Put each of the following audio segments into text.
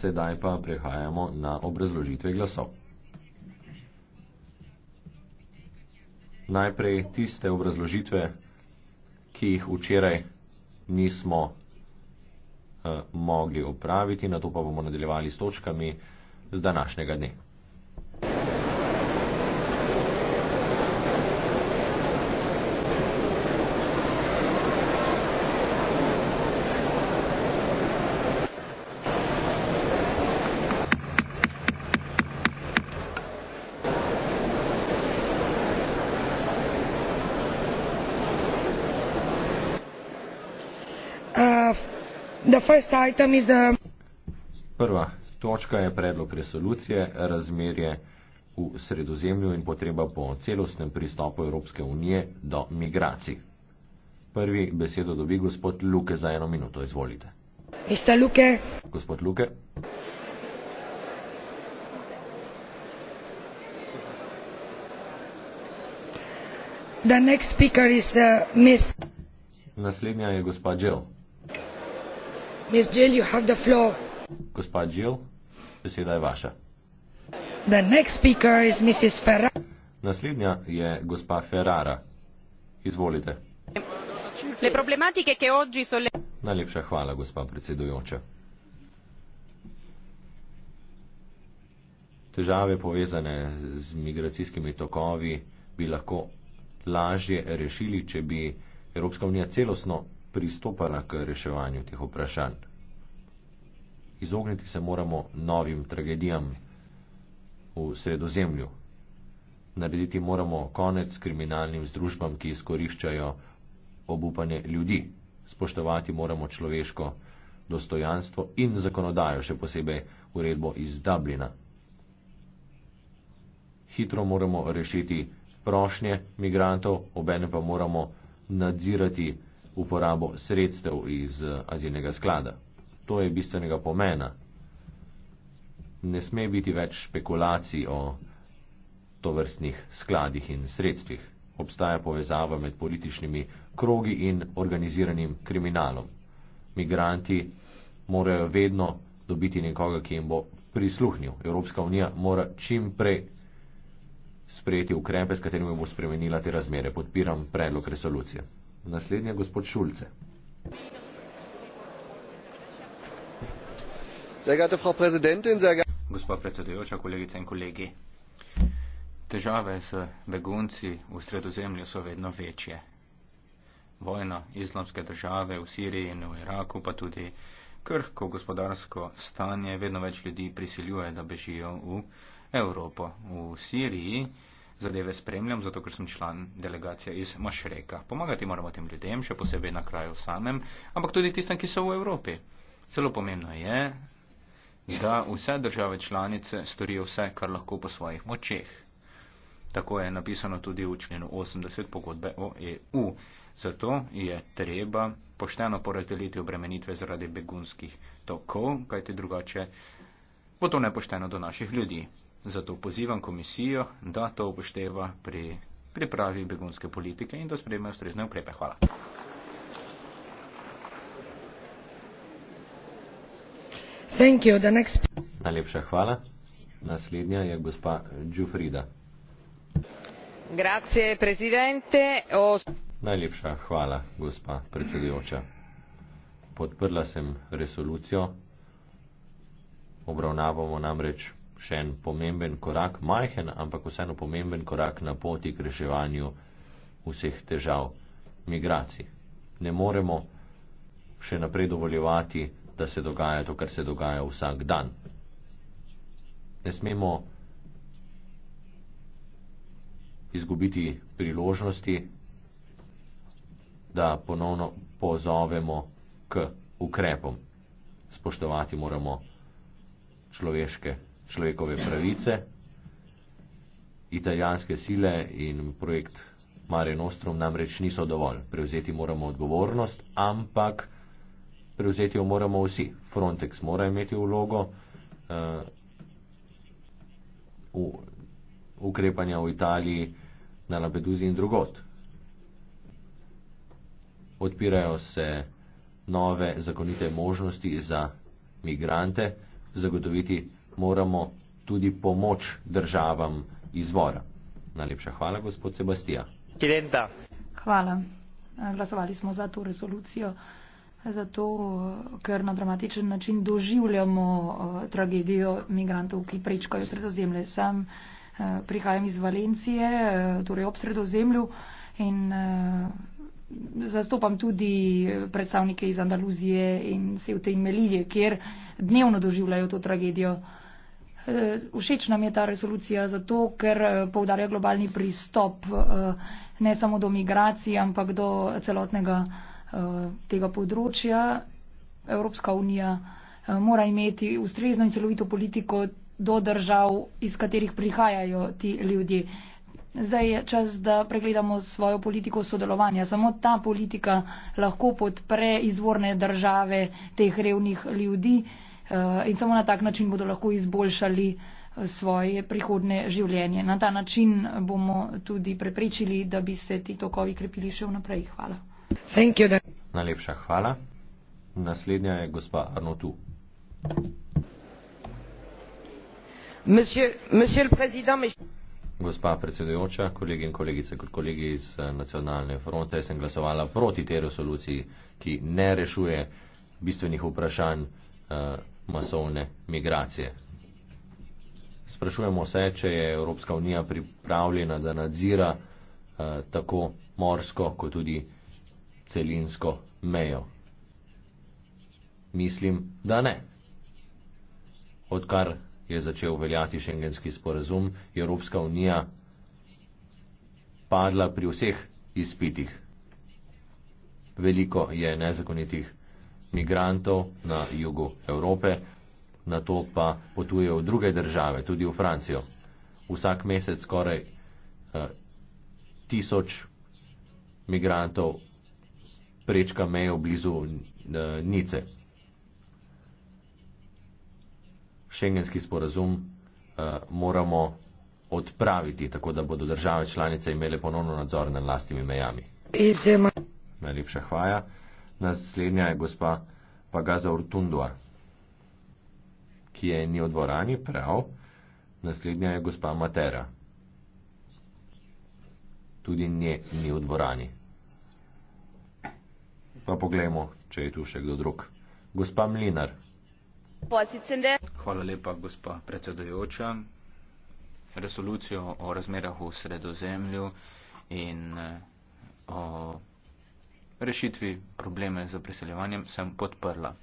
Sedaj pa prehajamo na obrazložitve glasov. Najprej tiste obrazložitve, ki jih včeraj nismo uh, mogli opraviti, na to pa bomo nadaljevali s točkami z današnjega dne. tajtami za. Prva točka je predlog resolucije razmerje v sredozemlju in potreba po celostnem pristopu Evropske unije do migracij. Prvi besedo dobi gospod Luke za eno minuto. Izvolite. Ista Luke. Gospod Luke. The next speaker is uh, Miss. Naslednja je gospa Jill. Gospa Jill, beseda je vaša. Naslednja je gospa Ferrara. Izvolite. Najlepša hvala, gospa predsedujoča. Težave povezane z migracijskimi tokovi bi lahko lažje rešili, če bi Evropska unija celostno pristopala k reševanju teh vprašanj. Izogniti se moramo novim tragedijam v sredozemlju. Narediti moramo konec kriminalnim združbam, ki izkoriščajo obupanje ljudi. Spoštovati moramo človeško dostojanstvo in zakonodajo, še posebej uredbo iz Dublina. Hitro moramo rešiti prošnje migrantov, obene pa moramo nadzirati uporabo sredstev iz eh, azilnega sklada. To je bistvenega pomena. Ne sme biti več špekulacij o tovrstnih skladih in sredstvih. Obstaja povezava med političnimi krogi in organiziranim kriminalom. Migranti morajo vedno dobiti nekoga, ki jim bo prisluhnil. Evropska unija mora čim prej sprejeti ukrepe, s katerimi bo spremenila te razmere. Podpiram predlog resolucije. Naslednje gospod Šulce. Gospod predsedujoča, kolegice in kolegi. Težave s begunci v sredozemlju so vedno večje. Vojna islamske države v Siriji in v Iraku pa tudi krhko gospodarsko stanje vedno več ljudi prisiljuje, da bežijo v Evropo. V Siriji zadeve spremljam, zato ker sem član delegacije iz Mašreka. Pomagati moramo tem ljudem, še posebej na kraju samem, ampak tudi tistem, ki so v Evropi. Celo pomembno je, da vse države članice storijo vse, kar lahko po svojih močeh. Tako je napisano tudi v členu 80 pogodbe o EU. Zato je treba pošteno porazdeliti obremenitve zaradi begunskih tokov, kajti drugače bo to nepošteno do naših ljudi. Zato pozivam komisijo, da to upošteva pri pripravi begunske politike in da sprejme ustrezne ukrepe. Hvala. Next... Najlepša hvala. Naslednja je gospa Džufrida. Grazie, prezidente. O... Najlepša hvala, gospa predsedujoča. Podprla sem resolucijo. Obravnavamo namreč še en pomemben korak, majhen, ampak vseeno pomemben korak na poti k reševanju vseh težav migracij. Ne moremo še naprej dovoljevati, da se dogaja to, kar se dogaja vsak dan. Ne smemo izgubiti priložnosti, da ponovno pozovemo k ukrepom. Spoštovati moramo človeške človekove pravice, italijanske sile in projekt Mare Nostrum namreč niso dovolj. Prevzeti moramo odgovornost, ampak prevzeti jo moramo vsi. Frontex mora imeti vlogo uh, ukrepanja v Italiji na Lampeduzi in drugot. Odpirajo se nove zakonite možnosti za migrante zagotoviti moramo tudi pomoč državam izvora. Najlepša hvala, gospod Sebastija. Kirenta. Hvala. Glasovali smo za to rezolucijo, zato ker na dramatičen način doživljamo eh, tragedijo migrantov, ki prečkajo sredozemlje. Sam eh, prihajam iz Valencije, eh, torej ob sredozemlju in zastopam tudi predstavnike iz Andaluzije in Sevte in Melilje, kjer dnevno doživljajo to tragedijo. Eh, všeč nam je ta resolucija zato, ker eh, povdarja globalni pristop eh, ne samo do migracij, ampak do celotnega tega področja. Evropska unija mora imeti ustrezno in celovito politiko do držav, iz katerih prihajajo ti ljudje. Zdaj je čas, da pregledamo svojo politiko sodelovanja. Samo ta politika lahko podpre izvorne države teh revnih ljudi. Eh, in samo na tak način bodo lahko izboljšali eh, svoje prihodne življenje. Na ta način bomo tudi preprečili, da bi se ti tokovi krepili še vnaprej. Hvala. You, Najlepša hvala. Naslednja je gospa Arnotu. Gospa predsedujoča, kolegi in kolegice, kot kolegi iz eh, nacionalne fronte, sem glasovala proti tej resoluciji, ki ne rešuje bistvenih vprašanj uh, masovne migracije. Sprašujemo se, če je Evropska unija pripravljena, da nadzira eh, tako morsko kot tudi celinsko mejo. Mislim, da ne. Odkar je začel veljati šengenski sporazum, je Evropska unija padla pri vseh izpitih. Veliko je nezakonitih migrantov na jugu Evrope, na to pa potujejo v druge države, tudi v Francijo. Vsak mesec skoraj uh, tisoč migrantov prečka mejo blizu uh, Nice. Šengenski sporazum uh, moramo odpraviti, tako da bodo države članice imele ponovno nadzor nad lastnimi mejami. Najlepša hvala. Naslednja je gospa Pagaza Urtundua, ki je ni v dvorani prav. Naslednja je gospa Matera. Tudi nje ni v dvorani. Pa poglejmo, če je tu še kdo drug. Gospa Mlinar. Hvala lepa, gospa predsedojoča. Resolucijo o razmerah v sredozemlju in eh, o rešitvi probleme z preseljevanjem sem podprla.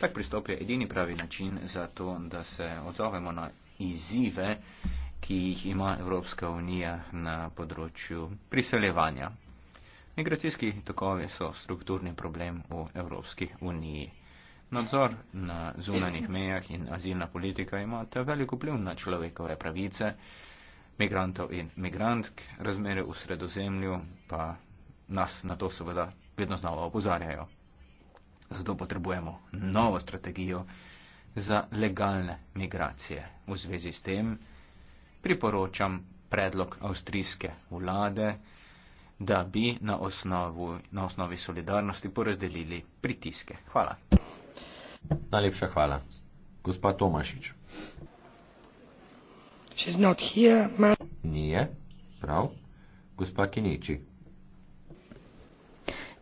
Tak pristop je edini pravi način za to, da se odzovemo na izzive, ki jih ima Evropska unija na področju priseljevanja. Migracijski tokovi so strukturni problem v Evropski uniji. Nadzor na zunanih mejah in azilna politika imata veliko vpliv na človekove pravice, migrantov in migrantk, razmere v sredozemlju pa nas na to seveda vedno znova opozarjajo. Zato potrebujemo novo strategijo za legalne migracije. V zvezi s tem priporočam predlog avstrijske vlade, da bi na, osnovu, na osnovi solidarnosti porazdelili pritiske. Hvala. Najlepša hvala. Gospa Tomašič. She's not here, ma. Nije, prav. Gospa Kiniči.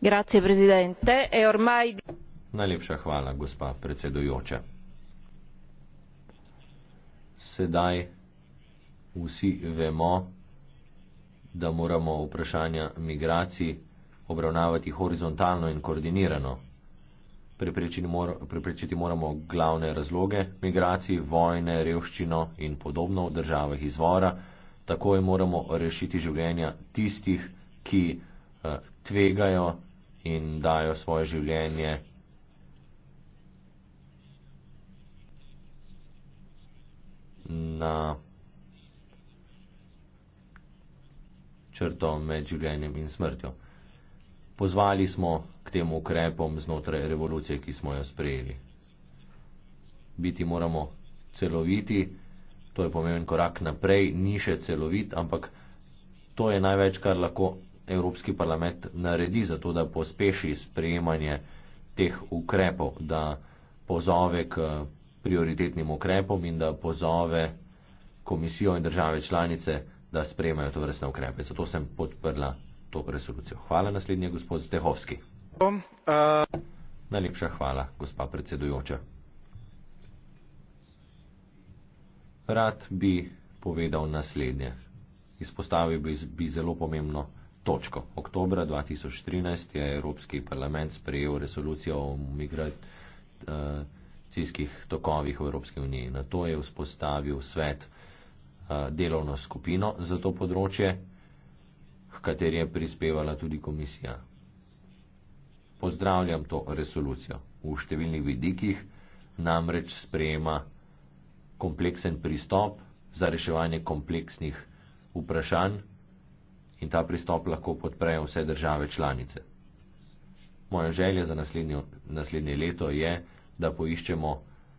Grazie, presidente. È e ormai... Najlepša hvala, gospa predsedujoča. Sedaj vsi vemo, da moramo vprašanja migracij obravnavati horizontalno in koordinirano. Preprečiti moramo glavne razloge migracij, vojne, revščino in podobno v državah izvora. Takoj moramo rešiti življenja tistih, ki eh, tvegajo, in dajo svoje življenje na črto med življenjem in smrtjo. Pozvali smo k tem ukrepom znotraj revolucije, ki smo jo sprejeli. Biti moramo celoviti, to je pomemben korak naprej, ni še celovit, ampak to je največ, kar lahko Evropski parlament naredi za to, da pospeši sprejemanje teh ukrepov, da pozove k prioritetnim ukrepom in da pozove komisijo in države članice, da sprejmajo to vrstne ukrepe. Zato sem podprla to resolucijo. Hvala naslednje, gospod Stehovski. Um, uh... Najlepša hvala, gospa predsedujoča. Rad bi povedal naslednje. Izpostavil bi, bi zelo pomembno točko. Oktober 2013 je Evropski parlament sprejel resolucijo o migracijskih tokovih v Evropski uniji. Na to je vzpostavil svet eh, delovno skupino za to področje, h kateri je prispevala tudi komisija. Pozdravljam to resolucijo. V številnih vidikih namreč sprejema kompleksen pristop za reševanje kompleksnih vprašanj, in ta pristop lahko podprejo vse države članice. Moja želja za naslednjo, naslednje leto je, da poiščemo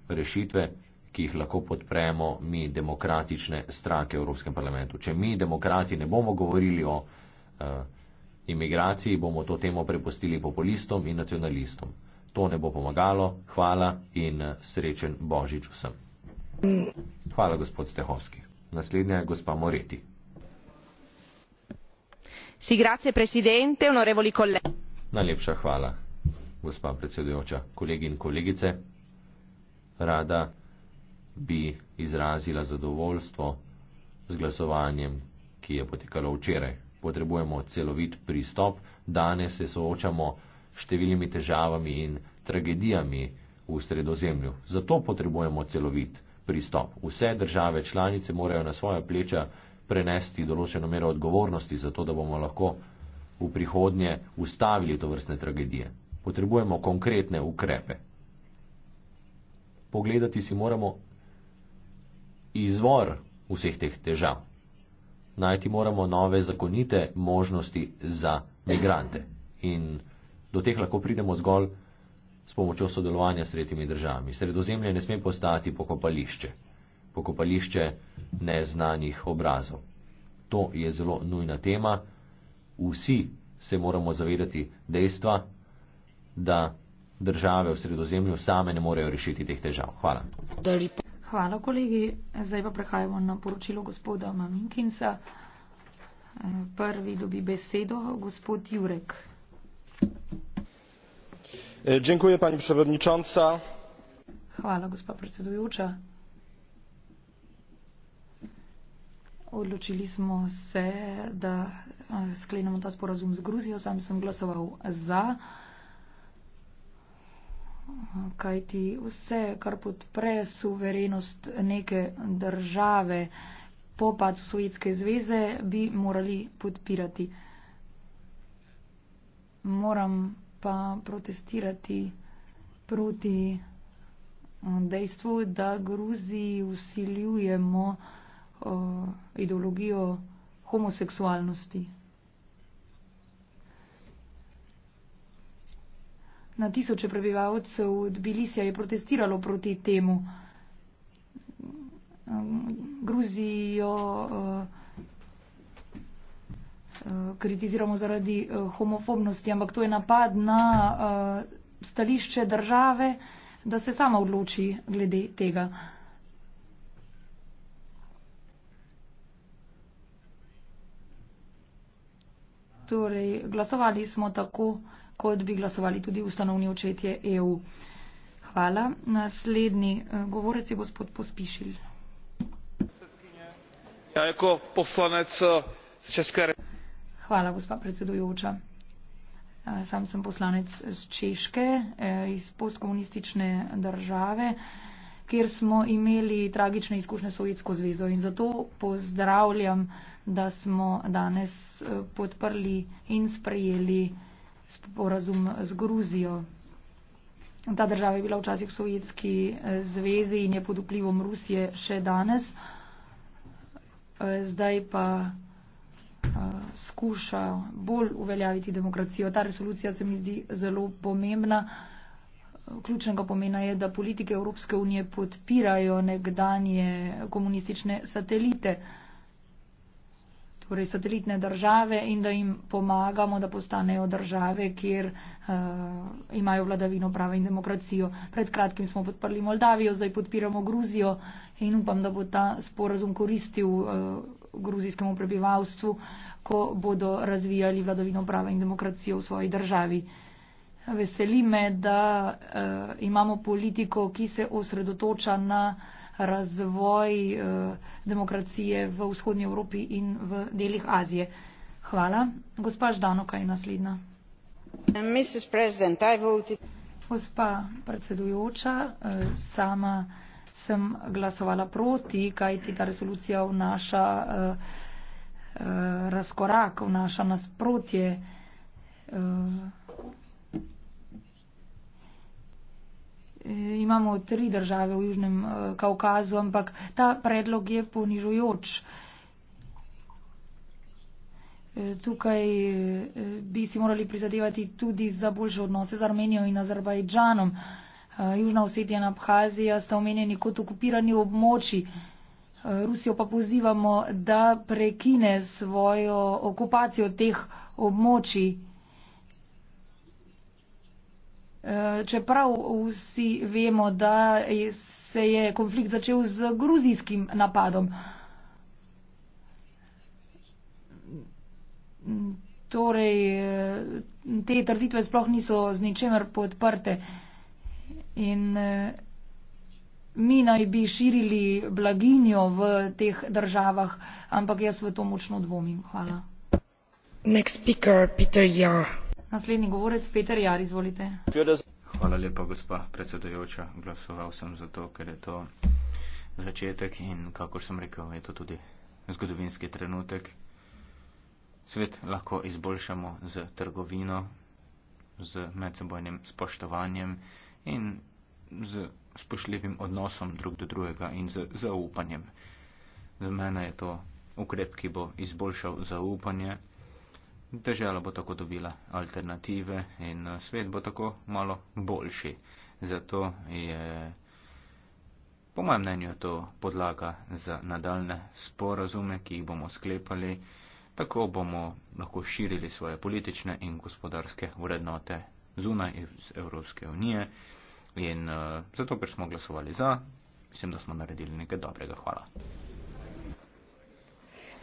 rešitve, ki jih lahko podpremo mi demokratične stranke v Evropskem parlamentu. Če mi demokrati ne bomo govorili o uh, imigraciji, bomo to temo prepustili populistom in nacionalistom. To ne bo pomagalo. Hvala in eh, srečen Božič vsem. Hvala, gospod Stehovski. Naslednja je gospa Moreti signor presidente onorevoli colleghi najlepša hvala gospa predsedujoča kolegi in kolegice rada bi izrazila zadovoljstvo z glasovanjem ki je potekalo včeraj potrebujemo celovit pristop danes se soočamo s številnimi težavami in tragedijami v sredozemlju zato potrebujemo celovit pristop vse države članice morajo na svoja pleča prenesti določeno mero odgovornosti za to, da bomo lahko v prihodnje ustavili to vrstne tragedije. Potrebujemo konkretne ukrepe. Pogledati si moramo izvor vseh teh težav. Najti moramo nove zakonite možnosti za migrante. In do teh lahko pridemo zgolj s pomočjo sodelovanja s tretjimi državami. Sredozemlje ne sme postati pokopališče pokopališče neznanih obrazov. To je zelo nujna tema. Vsi se moramo zavedati dejstva, da države v sredozemlju same ne morejo rešiti teh težav. Hvala. Hvala, kolegi. Zdaj pa prehajamo na poročilo gospoda Maminkinsa. Prvi dobi besedo gospod Jurek. Dziękuję pani przewodnicząca. Hvala, gospa predsedujoča. odločili smo se, da sklenemo ta sporazum z Gruzijo. Sam sem glasoval za, kajti vse, kar podpre suverenost neke države po padu Sovjetske zveze, bi morali podpirati. Moram pa protestirati proti dejstvu, da Gruziji usiljujemo, uh, ideologijo homoseksualnosti. Na tisoče prebivalcev Tbilisija je protestiralo proti temu. Gruzijo uh, kritiziramo zaradi uh, homofobnosti, ampak to je napad na uh, stališče države, da se sama odloči glede tega. Uh, Torej, glasovali smo tako, kot bi glasovali tudi ustanovni očetje EU. Hvala. Naslednji eh, govorec je gospod Pospišil. Ja, jako poslanec eh, z České Hvala, gospa predsedujoča. Eh, sam sem poslanec z Češke, iz postkomunistične države, kjer smo imeli tragične izkušnje s Sovjetsko zvezo in zato pozdravljam da smo danes eh, podprli in sprejeli sporazum z Gruzijo. Ta država je bila včasih v Sovjetski eh, zvezi in je pod vplivom Rusije še danes. Eh, zdaj pa skuša bolj uveljaviti demokracijo. Ta resolucija se mi zdi zelo pomembna. Ključnega pomena je, da politike Evropske unije podpirajo nekdanje komunistične satelite torej satelitne države in da jim pomagamo, da postanejo države, kjer uh, imajo vladavino prava in demokracijo. Pred kratkim smo podprli Moldavijo, zdaj podpiramo Gruzijo in upam, da bo ta sporazum koristil uh, gruzijskemu prebivalstvu, ko bodo razvijali vladavino prava in demokracijo v svoji državi. Uh, Veseli me, da uh, imamo politiko, ki se osredotoča na razvoj uh, demokracije v vzhodnji Evropi in v delih Azije. Hvala. Gospa Ždanoka je naslednja. Gospa predsedujoča, uh, sama sem glasovala proti, kajti ta resolucija vnaša uh, uh, razkorak, vnaša nasprotje. Uh, Eh, imamo tri države v Južnem eh, Kaukazu, ampak ta predlog je ponižujoč. Eh, tukaj bi si morali prizadevati tudi za boljše odnose z Armenijo in Azerbajdžanom. Južna Osetija in Abhazija sta omenjeni kot okupirani območji. Rusijo pa pozivamo, da prekine svojo okupacijo teh območij čeprav vsi vemo, da se je konflikt začel z gruzijskim napadom. Torej, te trditve sploh niso z ničemer podprte. In mi naj bi širili blaginjo v teh državah, ampak jaz v to močno dvomim. Hvala. Next speaker, Peter Jarr. Naslednji govorec Peter Jar, izvolite. Hvala lepa, gospa predsedojoča. Glasoval sem zato, ker je to začetek in, kako sem rekel, je to tudi zgodovinski trenutek. Svet lahko izboljšamo z trgovino, z medsebojnim spoštovanjem in z spoštljivim odnosom drug do drugega in z zaupanjem. Za mene je to ukrep, ki bo izboljšal zaupanje. Država bo tako dobila alternative in eh, svet bo tako malo boljši. Zato je, po mojem mnenju, to podlaga za nadaljne sporazume, ki jih bomo sklepali. Tako bomo lahko širili svoje politične in gospodarske vrednote zunaj iz Evropske unije. In uh, zato, ker smo glasovali za, mislim, da smo naredili nekaj dobrega. Hvala.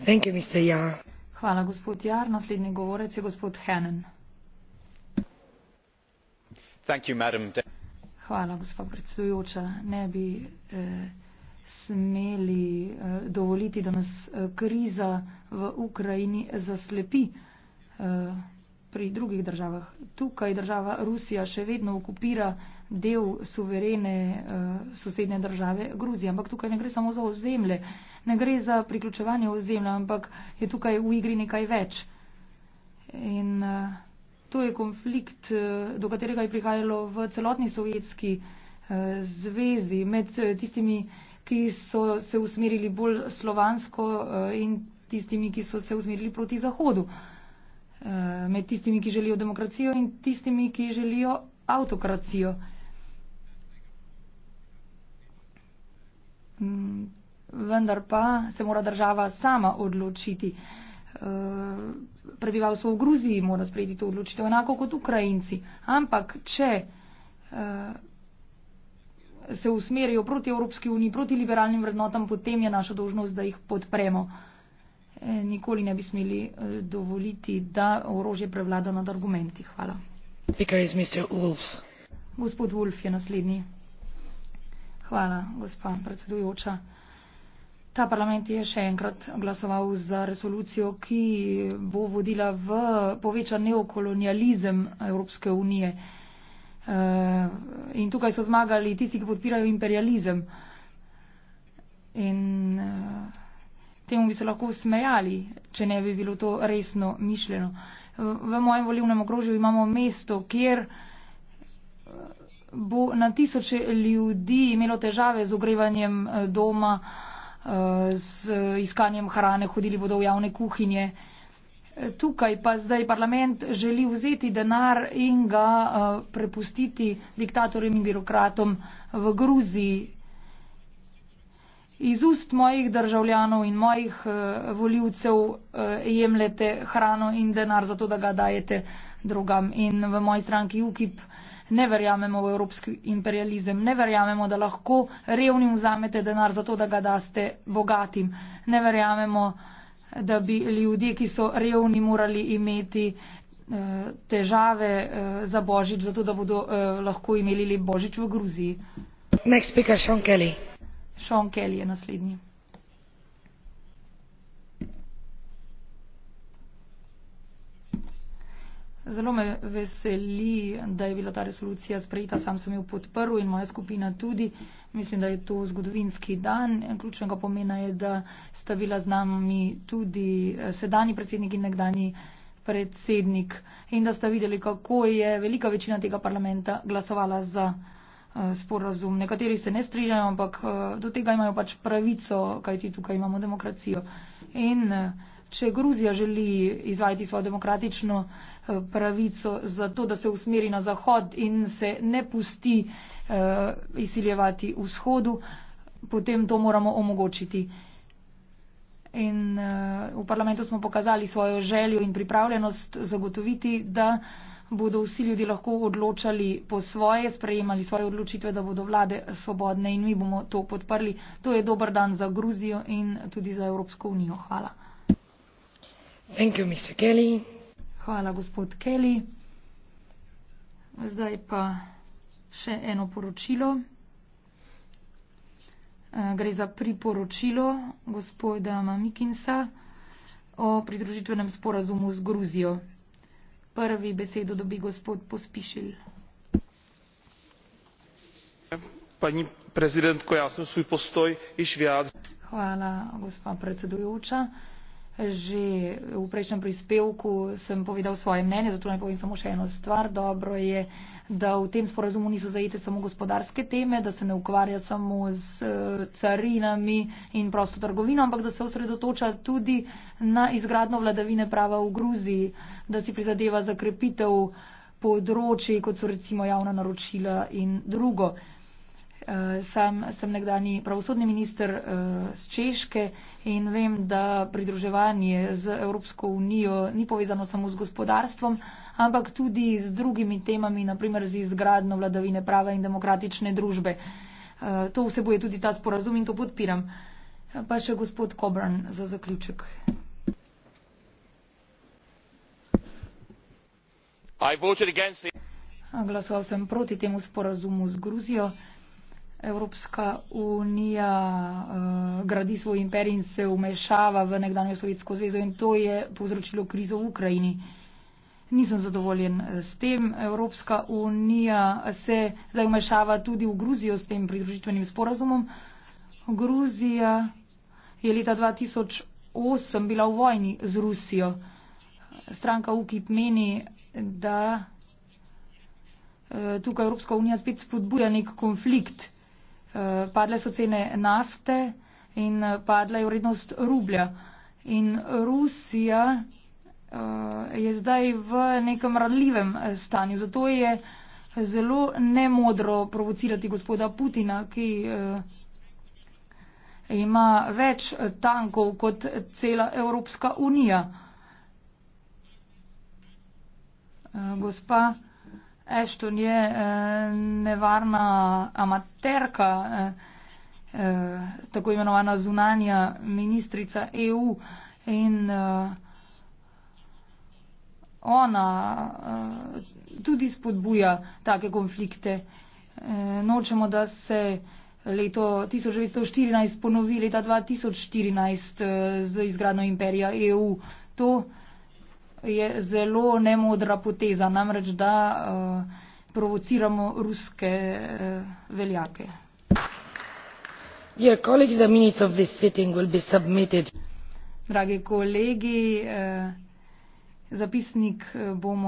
Thank you, Mr. Ja. Yeah. Hvala, gospod Jar. Naslednji govorec je gospod Henen. Hvala, gospa predsedujoča. Ne bi eh, smeli eh, dovoliti, da nas eh, kriza v Ukrajini zaslepi eh, pri drugih državah. Tukaj država Rusija še vedno okupira del suverene eh, sosednje države Gruzije, ampak tukaj ne gre samo za ozemlje. Eh, ne gre za priključevanje ozemlja, ampak je tukaj v igri nekaj več. In uh, to je konflikt, uh, do katerega je prihajalo v celotni sovjetski uh, zvezi med uh, tistimi, ki so se usmerili bolj slovansko uh, in tistimi, ki so se usmerili proti Zahodu. Med tistimi, ki želijo demokracijo in tistimi, ki želijo avtokracijo. Mm, vendar pa se mora država sama odločiti. Eh, prebivalstvo v Gruziji mora sprejeti to odločitev, enako kot Ukrajinci. Ampak, če eh, se usmerijo proti Evropski uniji, proti liberalnim vrednotam, potem je naša dožnost, da jih podpremo. Eh, nikoli ne bi smeli dovoliti, da orožje prevlada nad argumenti. Hvala. Gospod Wolf je naslednji. Hvala, gospa predsedujoča. Ta parlament je še enkrat glasoval za resolucijo, ki bo vodila v povečan neokolonializem Evropske unije. Eh, in tukaj so zmagali tisti, ki podpirajo imperializem. In eh, temu bi se lahko smejali, če ne bi bilo to resno mišljeno. V mojem volivnem okrožju imamo mesto, kjer eh, bo na tisoče ljudi imelo težave z ogrevanjem doma. Eh, z iskanjem hrane, hodili bodo v javne kuhinje. Eh, tukaj pa zdaj parlament želi vzeti denar in ga eh, prepustiti diktatorjem in birokratom v Gruziji. Iz ust mojih državljanov in mojih voljivcev jemljete hrano in denar za to, da ga dajete drugam. In v moji stranki UKIP ne verjamemo v evropski imperializem, ne verjamemo, da lahko revnim vzamete denar zato, da ga daste bogatim, ne verjamemo, da bi ljudje, ki so revni, morali imeti eh, težave eh, za božič, zato da bodo eh, lahko imeli božič v Gruziji. Next speaker, Sean Kelly. Sean Kelly je naslednji. Zelo me veseli, da je bila ta resolucija sprejeta. Sam sem jo podprl in moja skupina tudi. Mislim, da je to zgodovinski dan. Ključnega pomena je, da sta bila z nami tudi eh, sedani predsednik in nekdani predsednik in da sta videli, kako je velika večina tega parlamenta glasovala za eh, sporazum. Nekateri se ne strinjajo, ampak eh, do tega imajo pač pravico, kajti tukaj imamo demokracijo. In, Če Gruzija želi izvajati svojo demokratično eh, pravico za to, da se usmeri na zahod in se ne pusti uh, izsiljevati vzhodu, potem to moramo omogočiti. In uh, v parlamentu smo pokazali svojo željo in pripravljenost zagotoviti, da bodo vsi ljudje lahko odločali po svoje, sprejemali svoje odločitve, da bodo vlade svobodne in mi bomo to podprli. To je dober dan za Gruzijo in tudi za Evropsko unijo. Hvala hvala gospod kelly zdaj pa še eno poročilo eh, gre za priporočilo gospoda mamikinsa o pridružitvenem sporazumu z gruzijo prvi besedo dobi gospod pospišil paní prezidentko já jsem svůj postoj již vyjádřil hvala gospa predsedujoča že v prejšnjem prispevku sem povedal svoje mnenje, zato naj povem samo še eno stvar. Dobro je, da v tem sporazumu niso zajete samo gospodarske teme, da se ne ukvarja samo z eh, carinami in prosto trgovino, ampak da se osredotoča tudi na izgradno vladavine prava v Gruziji, da si prizadeva za krepitev področji, kot so recimo javna naročila in drugo. Eh, sam sem nekdani pravosodni minister z eh, Češke in vem, da pridruževanje z Evropsko unijo ni povezano samo z gospodarstvom, ampak tudi z drugimi temami, naprimer z izgradno vladavine prava in demokratične družbe. Eh, to vsebuje tudi ta sporazum in to podpiram. Pa še gospod Kobran za zaključek. Glasoval sem proti temu sporazumu z Gruzijo. Evropska unija uh, gradi svoj imperij in se umešava v nekdanjo Sovjetsko zvezo in to je povzročilo krizo v Ukrajini. Nisem zadovoljen eh, s tem. Evropska unija se zdaj umešava tudi v Gruzijo s tem pridružitvenim sporazumom. Gruzija je leta 2008 bila v vojni z Rusijo. Stranka UKIP meni, da eh, tukaj Evropska unija spet spodbuja nek konflikt padle so cene nafte in eh, padla je vrednost rublja. In Rusija eh, je zdaj v nekem radljivem eh, stanju, zato je zelo nemodro provocirati gospoda Putina, ki ima več tankov kot cela Evropska unija. Gospa. Ashton je eh, nevarna amaterka, eh, eh, tako imenovana zunanja ministrica EU in eh, ona eh, tudi spodbuja take konflikte. Eh, nočemo, da se leto 1914 ponovi leta 2014 eh, z izgradno imperija EU. To, je zelo nemodra poteza, namreč da uh, provociramo ruske uh, veljake. Dragi kolegi, uh, zapisnik bomo.